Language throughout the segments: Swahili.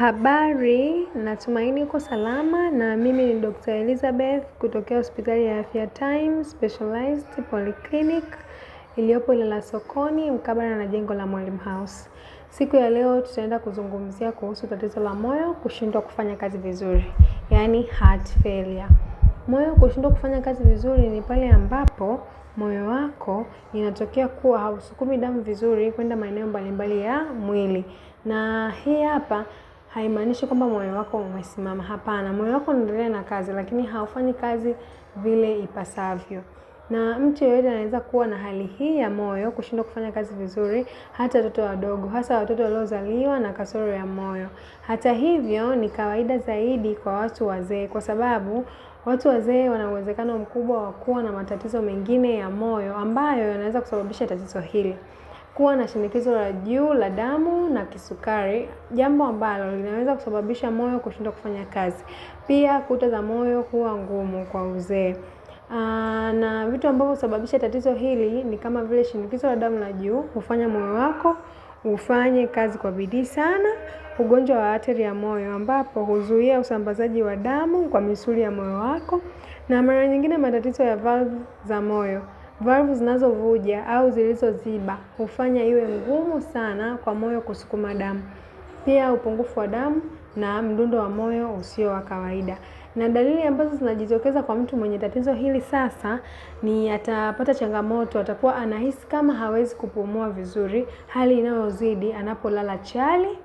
Habari, natumaini uko salama na mimi ni Dr. Elizabeth kutokea hospitali ya Afya Time Specialized Polyclinic iliyopo Ilala sokoni mkabala na jengo la Mwalimu House. Siku ya leo tutaenda kuzungumzia kuhusu tatizo la moyo kushindwa kufanya kazi vizuri, yaani heart failure. Moyo kushindwa kufanya kazi vizuri ni pale ambapo moyo wako inatokea kuwa hausukumi damu vizuri kwenda maeneo mbalimbali ya mwili, na hii hapa haimaanishi kwamba moyo wako umesimama. Hapana, moyo wako unaendelea na kazi, lakini haufanyi kazi vile ipasavyo. Na mtu yeyote anaweza kuwa na hali hii ya moyo kushindwa kufanya kazi vizuri, hata watoto wadogo, hasa watoto waliozaliwa na kasoro ya moyo. Hata hivyo, ni kawaida zaidi kwa watu wazee, kwa sababu watu wazee wana uwezekano mkubwa wa kuwa na matatizo mengine ya moyo ambayo yanaweza kusababisha tatizo hili kuwa na shinikizo la juu la damu na kisukari, jambo ambalo linaweza kusababisha moyo kushindwa kufanya kazi. Pia kuta za moyo huwa ngumu kwa uzee. Ah, na vitu ambavyo husababisha tatizo hili ni kama vile shinikizo la damu la juu hufanya moyo wako ufanye kazi kwa bidii sana, ugonjwa wa ateri ya moyo ambapo huzuia usambazaji wa damu kwa misuli ya moyo wako, na mara nyingine matatizo ya valve za moyo. Valvu zinazovuja au zilizoziba hufanya iwe ngumu sana kwa moyo kusukuma damu. Pia upungufu wa damu na mdundo wa moyo usio wa kawaida. Na dalili ambazo zinajitokeza kwa mtu mwenye tatizo hili sasa ni atapata changamoto, atakuwa anahisi kama hawezi kupumua vizuri, hali inayozidi anapolala chali,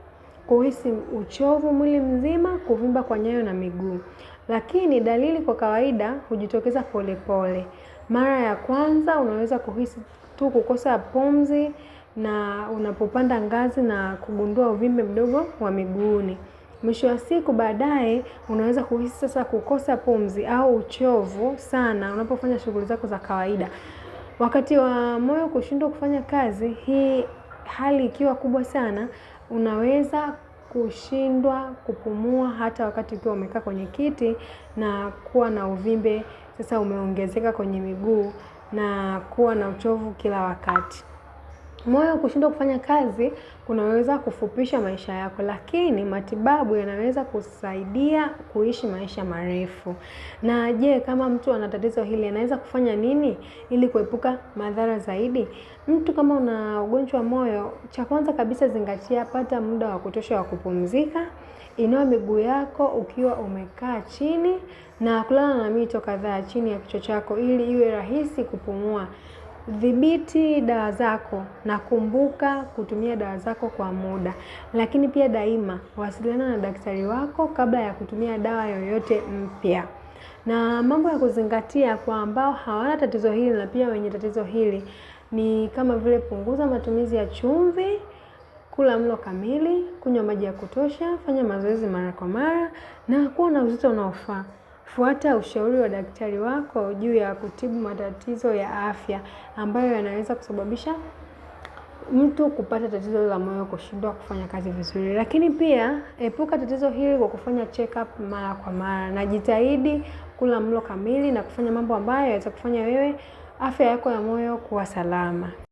kuhisi uchovu mwili mzima, kuvimba kwa nyayo na miguu. Lakini dalili kwa kawaida hujitokeza polepole. Mara ya kwanza unaweza kuhisi tu kukosa pumzi na unapopanda ngazi na kugundua uvimbe mdogo wa miguuni. Mwisho wa siku baadaye unaweza kuhisi sasa kukosa pumzi au uchovu sana unapofanya shughuli zako za kawaida. Wakati wa moyo kushindwa kufanya kazi, hii hali ikiwa kubwa sana, unaweza kushindwa kupumua hata wakati ukiwa umekaa kwenye kiti na kuwa na uvimbe sasa umeongezeka kwenye miguu na kuwa na uchovu kila wakati. Moyo kushindwa kufanya kazi kunaweza kufupisha maisha yako, lakini matibabu yanaweza kusaidia kuishi maisha marefu. Na je, kama mtu ana tatizo hili anaweza kufanya nini ili kuepuka madhara zaidi? Mtu kama una ugonjwa wa moyo, cha kwanza kabisa zingatia, pata muda wa kutosha wa kupumzika, Inua miguu yako ukiwa umekaa chini na kulala na mito kadhaa chini ya kichwa chako ili iwe rahisi kupumua. Dhibiti dawa zako na kumbuka kutumia dawa zako kwa muda. Lakini pia daima wasiliana na daktari wako kabla ya kutumia dawa yoyote mpya. Na mambo ya kuzingatia kwa ambao hawana tatizo hili na pia wenye tatizo hili ni kama vile punguza matumizi ya chumvi kula mlo kamili, kunywa maji ya kutosha, fanya mazoezi mara kwa mara na kuwa na uzito unaofaa. Fuata ushauri wa daktari wako juu ya kutibu matatizo ya afya ambayo yanaweza kusababisha mtu kupata tatizo la moyo kushindwa kufanya kazi vizuri. Lakini pia epuka tatizo hili kwa kufanya check up mara kwa mara na jitahidi kula mlo kamili na kufanya mambo ambayo yataweza kufanya wewe afya yako ya moyo kuwa salama.